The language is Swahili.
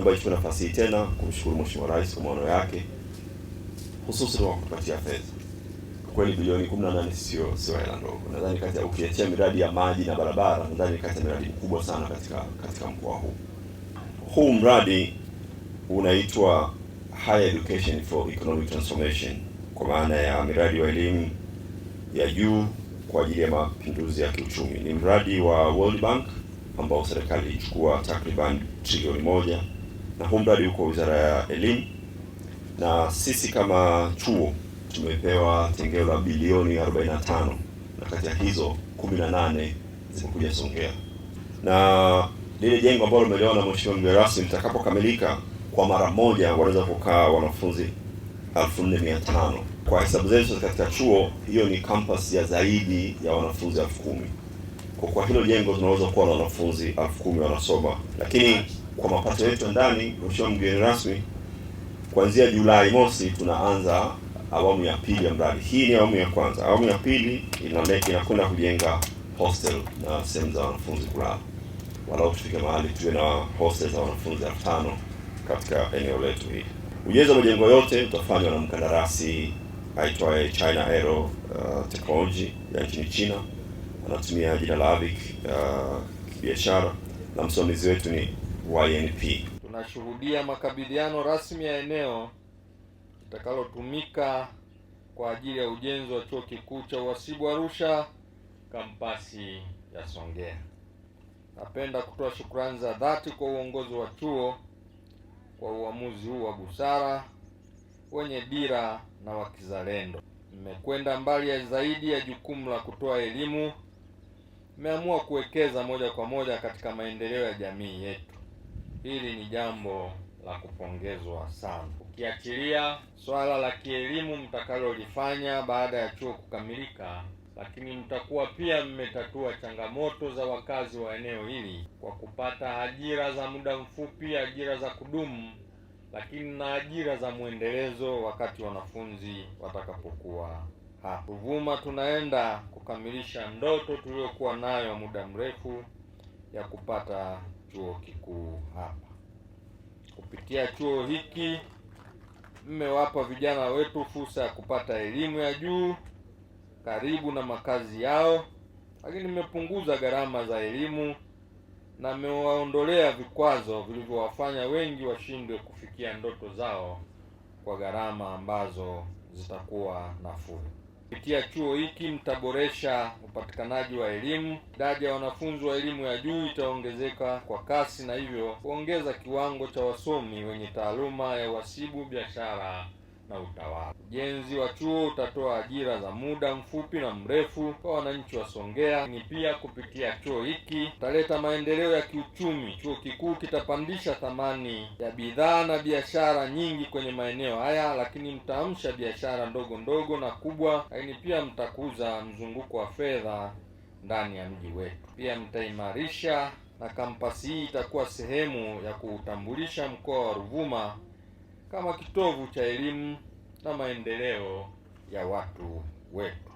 Naomba nichukue nafasi hii tena kumshukuru Mheshimiwa Rais kwa maono yake hususan kwa kutupatia fedha. Kweli bilioni 18 sio sio hela ndogo. Nadhani kati ya ukiachia miradi ya maji na barabara, nadhani kati ya miradi mkubwa sana katika katika mkoa huu. Huu mradi unaitwa Higher Education for Economic Transformation kwa maana ya miradi wa elimu ya juu kwa ajili ya mapinduzi ya kiuchumi. Ni mradi wa World Bank ambao serikali ilichukua takriban trilioni moja na huu mradi uko Wizara ya Elimu, na sisi kama chuo tumepewa tengeo la bilioni 45 na kati ya hizo 18 zimekuja Songea, na lile jengo ambalo limelewa na mheshimiwa mgeni rasmi litakapokamilika kwa mara moja wanaweza kukaa wanafunzi 4500 kwa hesabu zetu katika chuo, hiyo ni campus ya zaidi ya wanafunzi 10000 Kwa kwa hilo jengo tunaweza kuwa na wanafunzi 10000 wanasoma, lakini kwa mapato yetu ya ndani. Mheshimiwa mgeni rasmi, kuanzia Julai mosi tunaanza awamu ya pili ya mradi. Hii ni awamu ya kwanza. Awamu ya pili inakwenda kujenga hostel na sehemu za wanafunzi kulala, walau tufike mahali tuwe na hostel za wanafunzi elfu tano katika eneo letu hili. Ujenzi wa majengo yote utafanywa na mkandarasi aitwaye China Aero uh, Technology ya nchini China, anatumia jina la Avic uh, kibiashara, na msimamizi wetu ni YNP. E Tunashuhudia makabidhiano rasmi ya eneo litakalotumika kwa ajili ya ujenzi wa chuo kikuu cha uhasibu Arusha kampasi ya Songea. Napenda kutoa shukrani za dhati kwa uongozi wa chuo kwa uamuzi huu wa busara, wenye dira na wa kizalendo. Mmekwenda mbali ya zaidi ya jukumu la kutoa elimu, mmeamua kuwekeza moja kwa moja katika maendeleo ya jamii yetu hili ni jambo la kupongezwa sana. Ukiachilia swala la kielimu mtakalolifanya baada ya chuo kukamilika, lakini mtakuwa pia mmetatua changamoto za wakazi wa eneo hili kwa kupata ajira za muda mfupi, ajira za kudumu, lakini na ajira za mwendelezo wakati wanafunzi watakapokuwa hapa Ruvuma. Tunaenda kukamilisha ndoto tuliyokuwa nayo muda mrefu ya kupata chuo kikuu hapa. Kupitia chuo hiki mmewapa vijana wetu fursa ya kupata elimu ya juu karibu na makazi yao, lakini mmepunguza gharama za elimu na mmewaondolea vikwazo vilivyowafanya wengi washindwe kufikia ndoto zao kwa gharama ambazo zitakuwa nafuu. Kupitia chuo hiki mtaboresha upatikanaji wa elimu, idadi ya wanafunzi wa elimu ya juu itaongezeka kwa kasi na hivyo kuongeza kiwango cha wasomi wenye taaluma ya uhasibu, biashara na utawala. Ujenzi wa chuo utatoa ajira za muda mfupi na mrefu kwa wananchi wa Songea, ni pia kupitia chuo hiki utaleta maendeleo ya kiuchumi. Chuo kikuu kitapandisha thamani ya bidhaa na biashara nyingi kwenye maeneo haya, lakini mtaamsha biashara ndogo ndogo na kubwa, lakini pia mtakuza mzunguko wa fedha ndani ya mji wetu. Pia mtaimarisha na kampasi hii itakuwa sehemu ya kuutambulisha mkoa wa Ruvuma kama kitovu cha elimu na maendeleo ya watu wetu.